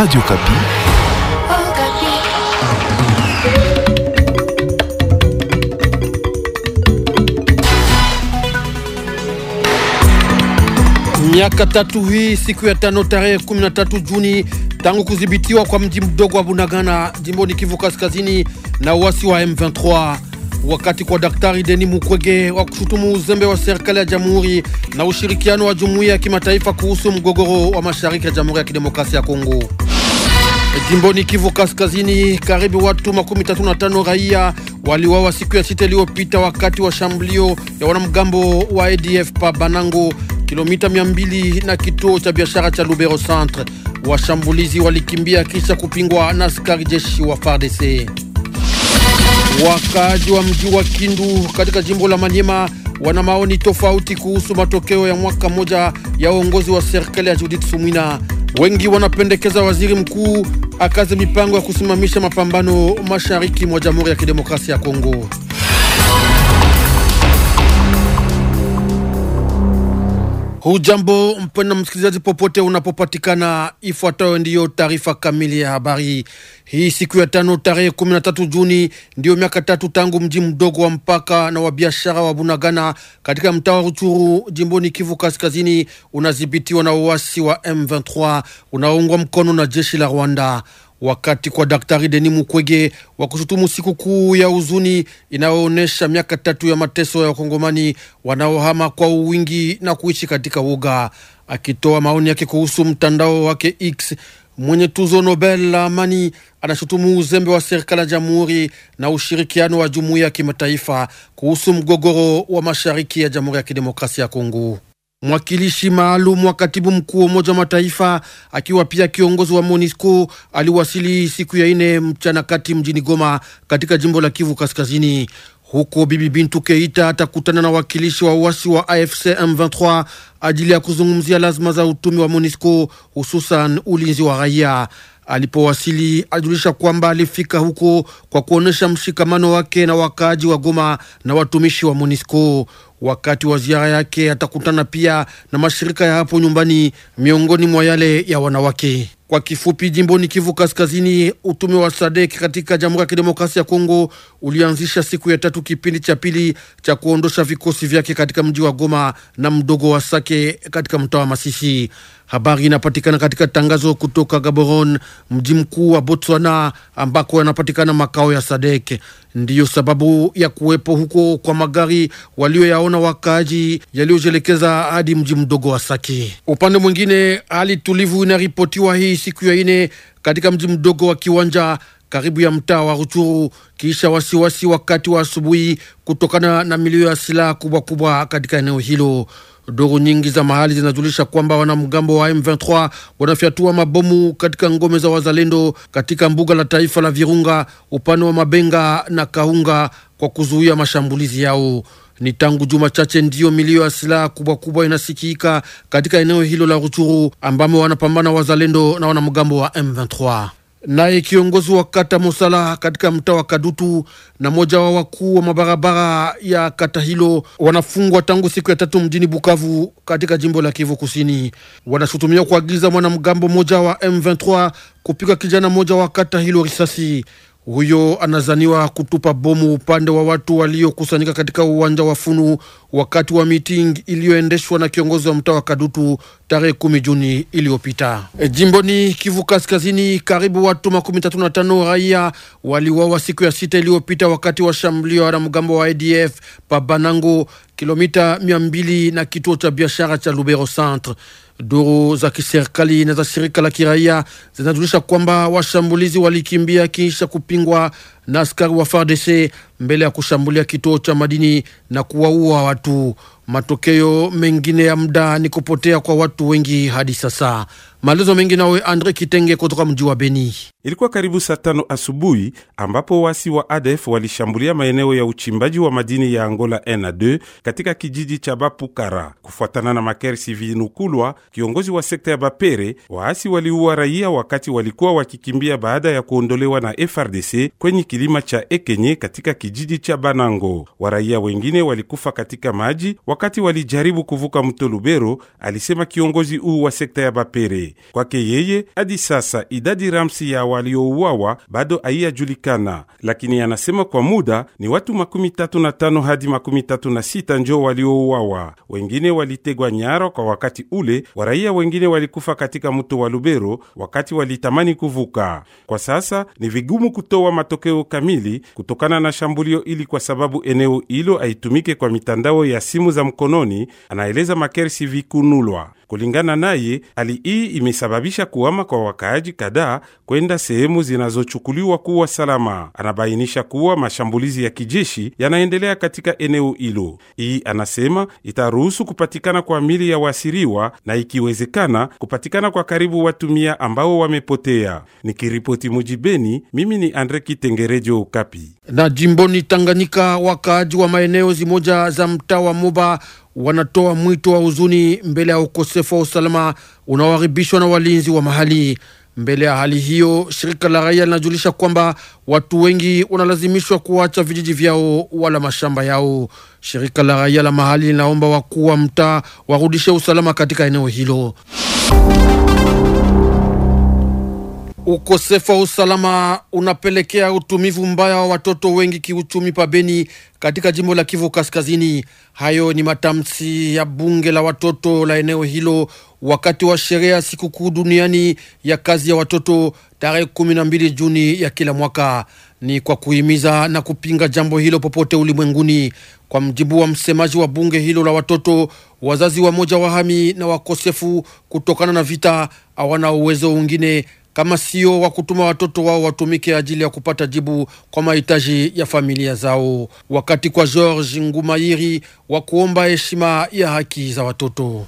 Radio Kapi. Miaka tatu hii siku ya tano tarehe 13 Juni tangu kudhibitiwa kwa mji mdogo wa Bunagana jimboni Kivu Kaskazini na uasi wa M23 wakati kwa Daktari Denis Mukwege wa kushutumu uzembe wa serikali ya jamhuri na ushirikiano wa jumuiya ya kimataifa kuhusu mgogoro wa mashariki ya Jamhuri ya Kidemokrasia ya Kongo. Jimboni Kivu Kaskazini, karibu watu makumi tatu na tano raia waliwawa siku ya sita iliyopita wakati wa shambulio ya wanamgambo wa ADF pa Banango, kilomita 200 na kituo cha biashara cha Lubero Centre. Washambulizi walikimbia kisha kupingwa na askari jeshi wa FARDC. Wakaaji wa mji wa Kindu katika jimbo la Manyema wana maoni tofauti kuhusu matokeo ya mwaka mmoja ya uongozi wa serikali ya Judith Sumwina. Wengi wanapendekeza waziri mkuu akaze mipango ya kusimamisha mapambano mashariki mwa Jamhuri ya Kidemokrasia ya Kongo. Hujambo mpenda msikilizaji, popote unapopatikana, ifuatayo ndiyo taarifa kamili ya habari hii. Siku ya tano tarehe 13 Juni, ndiyo miaka tatu tangu mji mdogo wa mpaka na wa biashara wa Bunagana katika mtaa wa Ruchuru jimboni Kivu Kaskazini unadhibitiwa na uasi wa M23 unaoungwa mkono na jeshi la Rwanda wakati kwa Daktari Denis Mukwege wa kushutumu sikukuu ya huzuni inayoonyesha miaka tatu ya mateso ya Wakongomani wanaohama kwa uwingi na kuishi katika woga. Akitoa maoni yake kuhusu mtandao wake X, mwenye tuzo Nobel la amani anashutumu uzembe wa serikali ya jamhuri na ushirikiano wa jumuiya ya kimataifa kuhusu mgogoro wa mashariki ya Jamhuri ya Kidemokrasia ya Kongo. Mwakilishi maalum wa katibu mkuu wa Umoja wa Mataifa akiwa pia kiongozi wa MONUSCO aliwasili siku ya ine mchana kati mjini Goma katika jimbo la Kivu Kaskazini. Huko Bibi Bintu Keita atakutana na wakilishi wa uasi wa AFC M23 ajili ya kuzungumzia lazima za utumi wa MONUSCO hususan ulinzi wa raia. Alipowasili ajulisha kwamba alifika huko kwa kuonyesha mshikamano wake na wakaaji wa Goma na watumishi wa MONUSCO. Wakati wa ziara yake atakutana pia na mashirika ya hapo nyumbani, miongoni mwa yale ya wanawake. Kwa kifupi, jimboni Kivu Kaskazini, utume wa SADC katika Jamhuri ya Kidemokrasia ya Kongo ulianzisha siku ya tatu kipindi cha pili cha kuondosha vikosi vyake katika mji wa Goma na mdogo wa Sake katika mtaa wa Masisi. Habari inapatikana katika tangazo kutoka Gaborone, mji mkuu wa Botswana, ambako yanapatikana makao ya Sadek. Ndiyo sababu ya kuwepo huko kwa magari walioyaona wakaaji yaliyojelekeza hadi mji mdogo wa Saki. Upande mwingine, hali tulivu inaripotiwa hii siku ya ine katika mji mdogo wa Kiwanja karibu ya mtaa wa Ruchuru kisha wasiwasi wakati wa asubuhi kutokana na milio ya silaha kubwa kubwa katika eneo hilo. Duru nyingi za mahali zinajulisha kwamba wanamgambo wa M23 wanafyatua mabomu katika ngome za wazalendo katika mbuga la taifa la Virunga upande wa Mabenga na Kaunga kwa kuzuia mashambulizi yao. Ni tangu juma chache ndiyo milio ya silaha kubwa kubwa inasikika katika eneo hilo la Ruchuru ambamo wanapambana wazalendo na wanamgambo wa M23 naye kiongozi wa kata Mosala katika mtaa wa Kadutu na moja wa wakuu wa mabarabara ya kata hilo wanafungwa tangu siku ya tatu mjini Bukavu katika jimbo la Kivu Kusini. Wanashutumiwa kuagiza mwanamgambo mmoja wa M23 kupiga kijana mmoja wa kata hilo risasi. Huyo anazaniwa kutupa bomu upande wa watu waliokusanyika katika uwanja wa Funu wakati wa miting iliyoendeshwa na kiongozi wa mtaa wa Kadutu tarehe kumi Juni iliyopita. E, jimboni Kivu Kaskazini, karibu watu makumi tatu na tano raia waliuawa siku ya sita iliyopita wakati wa shambulio na mgambo wa ADF Pabanango, kilomita mia mbili na kituo cha biashara cha Lubero Centre. Duru za kiserikali na za shirika la kiraia zinajulisha kwamba washambulizi walikimbia kisha kupingwa na askari wa FARDC mbele ya kushambulia kituo cha madini na kuwaua watu. Matokeo mengine ya muda ni kupotea kwa watu wengi hadi sasa. Maelezo mengi nawe Andre Kitenge kutoka mji wa Beni. Ilikuwa karibu saa tano asubuhi ambapo wasi wa ADF walishambulia maeneo ya uchimbaji wa madini ya Angola na2 katika kijiji cha Bapukara. Kufuatana na Makersi Vinukulwa, kiongozi wa sekta ya Bapere, waasi waliua raia wakati walikuwa wakikimbia baada ya kuondolewa na FRDC kwenye kilima cha Ekenye katika kijiji cha Banango. Waraia wengine walikufa katika maji wakati walijaribu kuvuka mto Lubero, alisema kiongozi huu wa sekta ya Bapere. Kwake yeye, hadi sasa idadi ramsi ya waliouawa bado haiyajulikana, lakini anasema kwa muda ni watu makumi tatu na tano hadi makumi tatu na sita njo waliouawa. Wengine walitegwa nyara kwa wakati ule, waraia wengine walikufa katika mto wa Lubero wakati walitamani kuvuka. Kwa sasa ni vigumu kutoa matokeo kamili kutokana na shambulio ili, kwa sababu eneo hilo haitumike kwa mitandao ya simu za mkononi, anaeleza Makersi Vikunulwa. Kulingana naye, hali hii imesababisha kuhama kwa wakaaji kadhaa kwenda sehemu zinazochukuliwa kuwa salama. Anabainisha kuwa mashambulizi ya kijeshi yanaendelea katika eneo hilo. Hii anasema itaruhusu kupatikana kwa mili ya waasiriwa na ikiwezekana kupatikana kwa karibu watu mia ambao wamepotea. Nikiripoti Mujibeni, mimi ni Andre Kitengerejo Ukapi. Na jimboni Tanganyika, wakaaji wa maeneo zimoja za mtaa wa Moba wanatoa mwito wa huzuni mbele ya ukosefu wa usalama unaoharibishwa na walinzi wa mahali. Mbele ya hali hiyo, shirika la raia linajulisha kwamba watu wengi wanalazimishwa kuacha vijiji vyao wala mashamba yao. Shirika la raia la mahali linaomba wakuu wa mtaa warudishe usalama katika eneo hilo. Ukosefu wa usalama unapelekea utumivu mbaya wa watoto wengi kiuchumi pabeni katika jimbo la Kivu Kaskazini. Hayo ni matamshi ya bunge la watoto la eneo hilo wakati wa sherehe ya sikukuu duniani ya kazi ya watoto tarehe 12 Juni ya kila mwaka. Ni kwa kuhimiza na kupinga jambo hilo popote ulimwenguni. Kwa mjibu wa msemaji wa bunge hilo la watoto, wazazi wa moja wahami na wakosefu kutokana na vita hawana uwezo wengine kama sio wa kutuma watoto wao watumike ajili ya kupata jibu kwa mahitaji ya familia zao. Wakati kwa George Ngumairi wa kuomba heshima ya haki za watoto.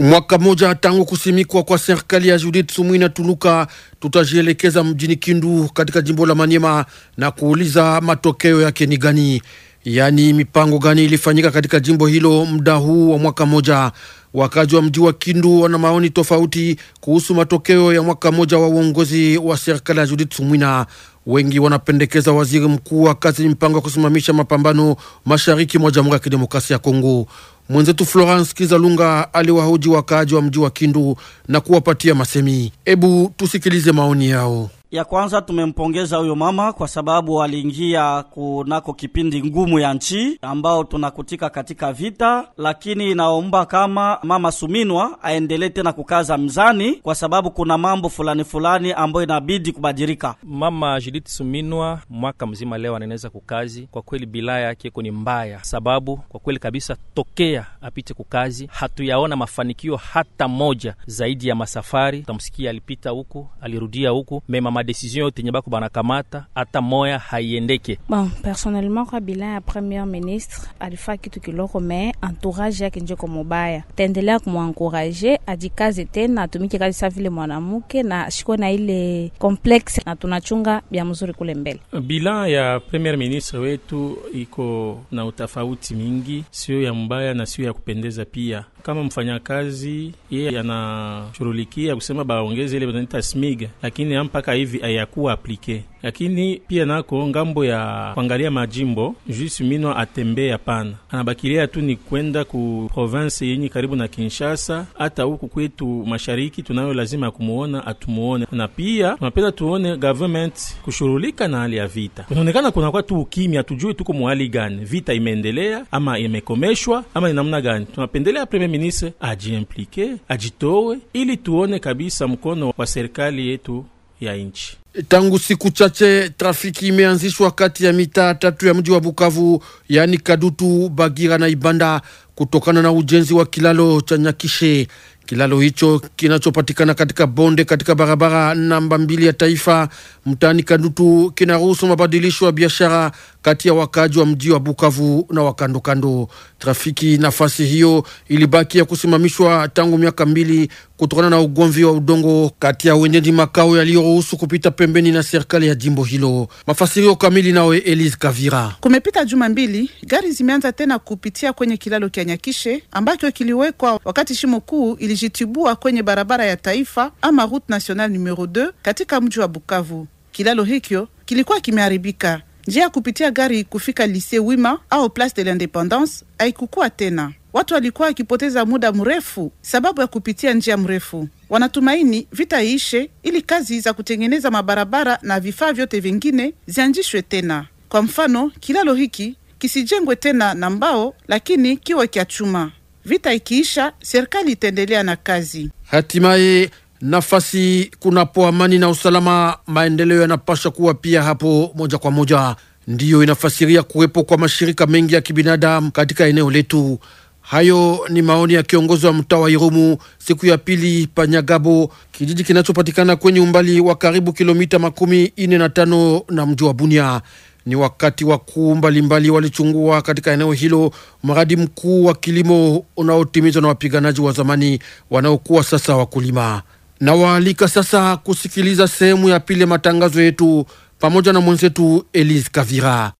Mwaka mmoja tangu kusimikwa kwa serikali ya Judith Sumwina Tuluka, tutajielekeza mjini Kindu katika jimbo la manyema na kuuliza matokeo yake ni gani. Yaani, mipango gani ilifanyika katika jimbo hilo muda huu wa mwaka moja? Wakazi wa mji wa Kindu wana maoni tofauti kuhusu matokeo ya mwaka moja wa uongozi wa serikali ya Judith Sumwina. Wengi wanapendekeza waziri mkuu wa kazi mpango ya kusimamisha mapambano mashariki mwa Jamhuri ya Kidemokrasia ya Kongo. Mwenzetu Florence Kizalunga aliwahoji wakaaji wa mji wa Kindu na kuwapatia masemi. Hebu tusikilize maoni yao. Ya kwanza tumempongeza huyo mama kwa sababu aliingia kunako kipindi ngumu ya nchi ambao tunakutika katika vita, lakini inaomba kama mama Suminwa aendelee tena kukaza mzani, kwa sababu kuna mambo fulani fulani ambayo inabidi kubadilika. Mama Judith Suminwa mwaka mzima leo anaeneza kukazi, kwa kweli bila yake iko ni mbaya, sababu kwa kweli kabisa tokea apite kukazi hatuyaona mafanikio hata moja zaidi ya masafari. Tamsikia alipita huku alirudia huku mema madesizio yote nye bako banakamata hata moya haiendeke. Bon, personnellement kwa bila ya premier ministre alifaa kitu kiloko, me entourage yake njeko mubaya, taendelea kumwankuraje ajikaze tena atumike kazi sa vile mwanamke na shiko na ile complexe na tunachunga bya mzuri kule mbele. Bila ya premier ministre wetu iko na utafauti mingi, sio ya mbaya na sio ya kupendeza pia kama mfanyakazi yeye anashurulikia kusema baongeze ile banaita smig, lakini mpaka hivi ayakuwa aplike. Lakini pia nako ngambo ya kuangalia majimbo juisi mino atembee, hapana, anabakilia tu ni kwenda ku province yenye karibu na Kinshasa. Hata huku kwetu mashariki tunayo lazima ya kumuona, atumuone na pia tunapenda tuone government kushurulika na hali ya vita. Kunaonekana kunakuwa tu ukimya, tujue tuko muhali gani, vita imeendelea ama imekomeshwa ama ni namna gani. Tunapendelea premier ministre ajiimplike, ajitowe ili tuone kabisa mkono wa serikali yetu ya nchi. Tangu siku chache trafiki imeanzishwa kati ya mitaa tatu ya mji wa Bukavu, yaani Kadutu, Bagira na Ibanda, kutokana na ujenzi wa kilalo cha Nyakishe. Kilalo hicho kinachopatikana katika bonde katika barabara namba mbili ya taifa mtaani Kadutu kinaruhusu mabadilisho ya biashara kati ya wakaji wa mji wa Bukavu na wakandokando. Trafiki nafasi hiyo ilibaki ya kusimamishwa tangu miaka mbili kutokana na ugomvi wa udongo kati ya wenyeji makao yaliyoruhusu kupita pembeni na serikali ya jimbo hilo. Mafasirio kamili nawe Elise Kavira. Kumepita juma mbili, gari zimeanza tena kupitia kwenye kilalo kya Nyakishe ambacho kiliwekwa wakati shimo kuu ilijitibua kwenye barabara ya taifa ama route nationale numero 2 katika mji wa Bukavu. Kilalo hikyo kilikuwa kimeharibika Njia ya kupitia gari kufika Lise Wima au Place de l'Independance haikukua tena. Watu walikuwa wakipoteza muda mrefu sababu ya kupitia njia mrefu. Wanatumaini vita iishe ili kazi za kutengeneza mabarabara na vifaa vyote vingine zianjishwe tena. Kwa mfano, kilalo hiki kisijengwe tena na mbao, lakini kiwe kya chuma. Vita ikiisha, serikali itaendelea na kazi. Hatimaye nafasi kunapo amani na usalama, maendeleo yanapasha kuwa pia hapo moja kwa moja. Ndiyo inafasiria kuwepo kwa mashirika mengi ya kibinadamu katika eneo letu. Hayo ni maoni ya kiongozi wa mtaa wa Irumu siku ya pili Panyagabo, kijiji kinachopatikana kwenye umbali wa karibu kilomita makumi ine na tano na mji wa Bunia. Ni wakati wakuu mbalimbali walichungua katika eneo hilo mradi mkuu wa kilimo unaotimizwa na wapiganaji wa zamani wanaokuwa sasa wakulima. Nawaalika sasa kusikiliza sehemu ya pili ya matangazo yetu pamoja na mwenzetu Elise Kavira.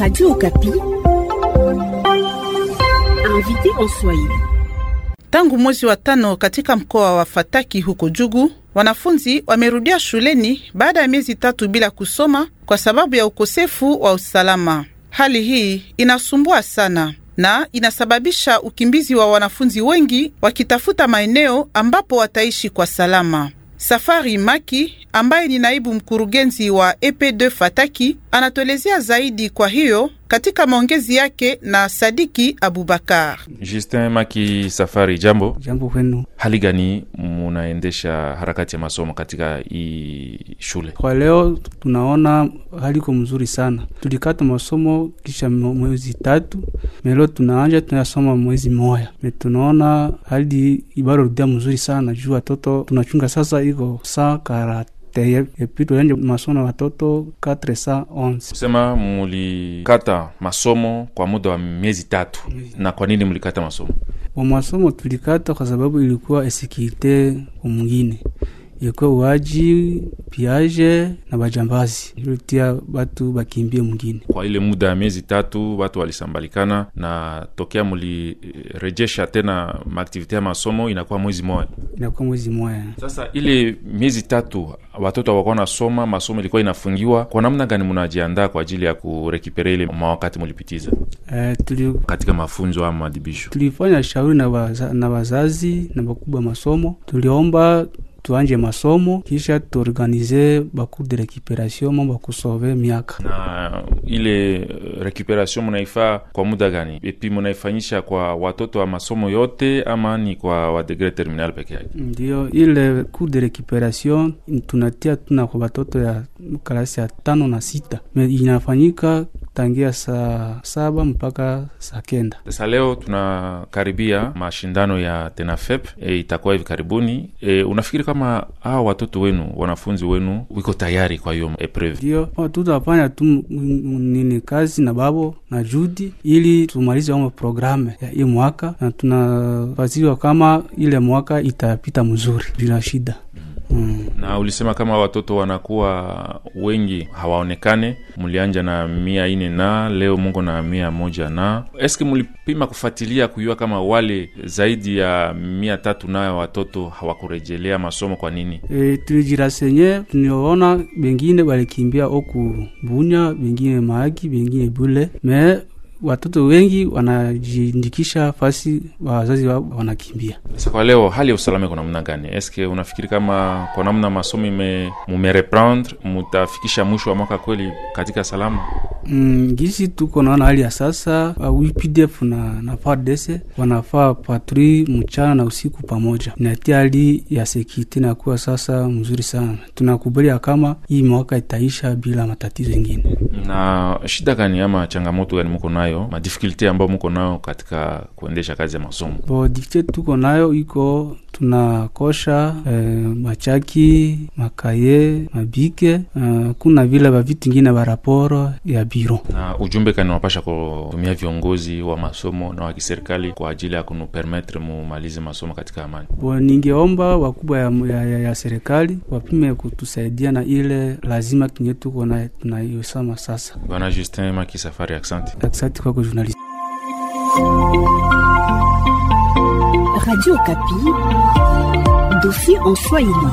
Radio invité en Swahili. Tangu mwezi wa tano katika mkoa wa Fataki huko Jugu, wanafunzi wamerudia shuleni baada ya miezi tatu bila kusoma kwa sababu ya ukosefu wa usalama. Hali hii inasumbua sana na inasababisha ukimbizi wa wanafunzi wengi wakitafuta maeneo ambapo wataishi kwa salama. Safari Maki ambaye ni naibu mkurugenzi wa EP2 e Fataki anatuelezea zaidi. Kwa hiyo katika maongezi yake na Sadiki Abubakar. Justin Maki Safari, jambo jambo kwenu. Hali gani munaendesha harakati ya masomo katika hii shule kwa leo? Tunaona hali iko mzuri sana, tulikata masomo kisha mwezi tatu, melo tunaanja tunayasoma mwezi moya, me tunaona hali ibaro rudia mzuri sana juu watoto tunachunga sasa iko saa karati teye epi tulianje masomo na watoto 411. Kusema mulikata masomo kwa muda wa miezi tatu, na kwa nini mulikata masomo? Kwa masomo tulikata kwa sababu ilikuwa esikirite kumwingine ilikuwa uaji piage na bajambazi ilitia batu bakimbie mwingine. Kwa ile muda ya miezi tatu watu walisambalikana, na tokea mulirejesha eh, tena maaktivite ya masomo inakuwa mwezi moya, inakuwa mwezi moya. Sasa ile miezi tatu watoto wakuwa nasoma masomo ilikuwa inafungiwa, kwa namna gani munajiandaa kwa ajili ya kurekipere ile mawakati mulipitiza? Eh, tuli... katika mafunzo ama maadibisho tulifanya shauri na, waza, na wazazi na wakubwa masomo tuliomba tuanje masomo kisha tuorganize bakur de recuperation mo bakusove miaka. Na ile recuperation munaifa kwa muda gani? Epi munaifanyisha kwa watoto wa masomo yote ama ni kwa wa degree terminal peke yake? Ndio, ile cours de recuperation tunatia tuna kwa watoto ya klasi ya tano na sita, me inafanyika tangia saa saba mpaka saa kenda. Sasa leo tunakaribia mashindano ya TENAFEP e, itakuwa hivi karibuni e, unafikiri kama hawa watoto wenu wanafunzi wenu wiko tayari kwa hiyo epreve? Ndio, tutafanya tu nini kazi na babo na judi ili tumalize ama programe ya hii mwaka, na tunafasiwa kama ile mwaka itapita mzuri bila shida. Mm. Na ulisema kama watoto wanakuwa wengi hawaonekane, mlianja na mia ine na leo mungo na mia moja na eske mulipima kufuatilia kuyua kama wale zaidi ya mia tatu nayo watoto hawakurejelea masomo kwa nini? E, tulijirasenye tunioona bengine balikimbia oku Bunya, bengine maagi bengine Bule me watoto wengi wanajiindikisha fasi wazazi wao wanakimbia. Sasa kwa leo hali ya usalama iko namna gani? Eske unafikiri kama kwa namna masomo mumereprendre mutafikisha mwisho wa mwaka kweli katika salama? Mm, gisi tuko naona hali ya sasa uh, wpdf UPDF na, na FARDC wanafaa patrui mchana na usiku pamoja, inatia hali ya sekirite nakuwa sasa mzuri sana. Tunakubalia kama hii mwaka itaisha bila matatizo ingine. Na shida gani ama changamoto gani mko nayo? nayo, madifikulte ambayo muko nayo katika kuendesha kazi ya masomo? Bo, difikulte tuko nayo iko tunakosha e, machaki makaye mabike e, eh, kuna vile vavitu ingine baraporo ya biro na ujumbe kaniwapasha kutumia viongozi wa masomo na wa kiserikali kwa ajili ya kunupermetre mumalize masomo katika amani. Bo, ningeomba wakubwa ya, ya, ya, ya serikali wapime kutusaidia na ile lazima kinye tuko na tunaiosama sasa. Bwana Justin makisafari Safari, kwa kwa journalist. Radio Kapi. Dofi en Swahili.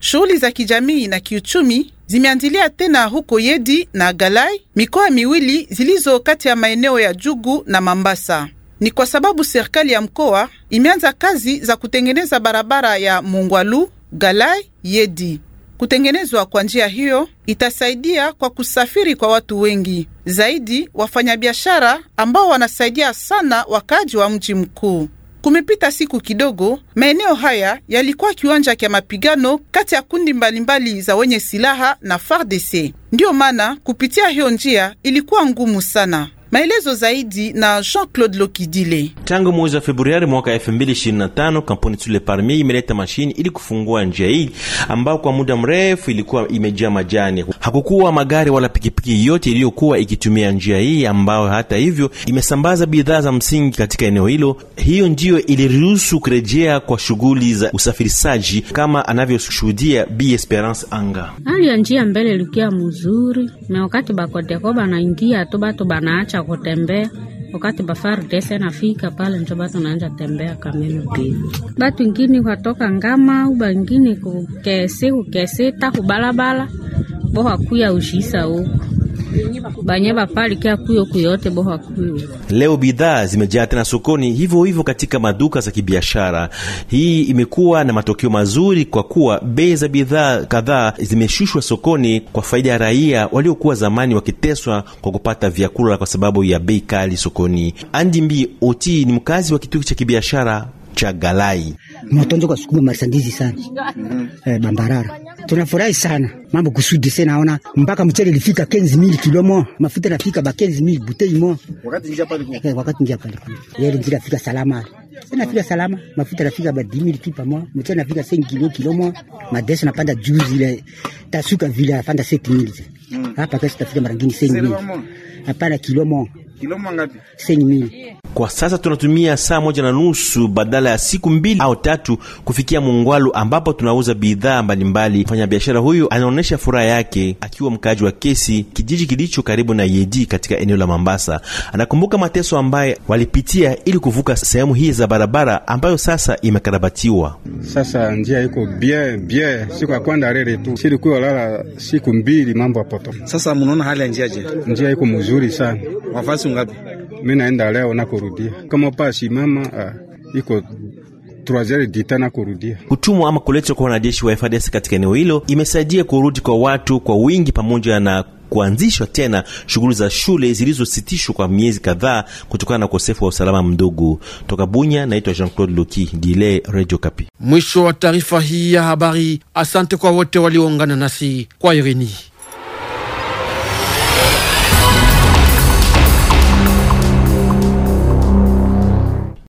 Shughuli za kijamii na kiuchumi zimeandilia tena huko Yedi na Galai, mikoa miwili zilizo kati ya maeneo ya Jugu na Mambasa. Ni kwa sababu serikali ya mkoa imeanza kazi za kutengeneza barabara ya Mungwalu Galai Yedi. Kutengenezwa kwa njia hiyo itasaidia kwa kusafiri kwa watu wengi zaidi, wafanyabiashara ambao wanasaidia sana wakaaji wa mji mkuu. Kumepita siku kidogo, maeneo haya yalikuwa kiwanja cha mapigano kati ya kundi mbalimbali za wenye silaha na FARDC. Ndiyo maana kupitia hiyo njia ilikuwa ngumu sana. Maelezo zaidi na Jean-Claude Lokidile. Tangu mwezi wa Februari mwaka 2025 kampuni Tule Parmi imeleta mashini ili kufungua njia hii ambayo kwa muda mrefu ilikuwa imejaa majani. Hakukuwa magari wala pikipiki yote iliyokuwa ikitumia njia hii, ambayo hata hivyo imesambaza bidhaa za msingi katika eneo hilo. Hiyo ndiyo iliruhusu kurejea kwa shughuli za usafirishaji, kama anavyoshuhudia Bi Esperance Anga. Hali ya njia mbele ilikuwa mzuri, na wakati bakotekoba naingia tu banaacha hata kutembea wakati bafari tese nafika pale njo basi unaanja tembea kamili pili batu ingini watoka ngama au ingini kukesi kukesita kubalabala bohakuya ushisa huko Banye kuyo boha kuyo. Leo bidhaa zimejaa tena sokoni hivyo hivyo katika maduka za kibiashara. Hii imekuwa na matokeo mazuri kwa kuwa bei za bidhaa kadhaa zimeshushwa sokoni kwa faida ya raia waliokuwa zamani wakiteswa kwa kupata vyakula kwa sababu ya bei kali sokoni. Andi Mbi Oti ni mkazi wa kituo cha kibiashara cha Galai. Mwatonzo kwa sukuma marisandizi sana. e, Bambarara. Tunafurahi sana. Mambo kusudi sana naona mpaka mchele lifika kenzi mili kilomo, mafuta nafika ba kenzi mili butei mo. Wakati njia pale kwa. Eh, wakati njia pale. Yeye njia fika salama. Sina fika salama, mafuta nafika ba dimi liki pa mo, mchele nafika 5 kilo kilo kilomo, madesi napanda juzi ile tasuka vila fanda seti mili mhm. Hapa kasi tafika marangini 5000. Hapana kilomo kilomita ngapi? Kwa sasa tunatumia saa moja na nusu badala ya siku mbili au tatu kufikia Mungwalu ambapo tunauza bidhaa mbalimbali. Mfanyabiashara huyu anaonyesha furaha yake akiwa mkaaji wa Kesi, kijiji kilicho karibu na Yedi katika eneo la Mambasa. Anakumbuka mateso ambaye walipitia ili kuvuka sehemu hii za barabara ambayo sasa imekarabatiwa. Sasa njia iko bien bien, siku ya kwanza rere tu silikuwa lala siku mbili, mambo apoto. Sasa mnaona hali ya njia je? Njia iko mzuri sana wafasi ngapi? Mimi naenda leo na kurudia, kama pasi mama ah, iko kutumwa ama kuletwa kwa wanajeshi wa FARDC katika eneo hilo imesaidia kurudi kwa watu kwa wingi pamoja na kuanzishwa tena shughuli za shule zilizositishwa kwa miezi kadhaa kutokana na ukosefu wa usalama mdogo. Toka Bunya, naitwa Jean-Claude Loki Dile, Radio Kapi. Mwisho wa taarifa hii ya habari. Asante kwa wote walioungana nasi kwa Irini.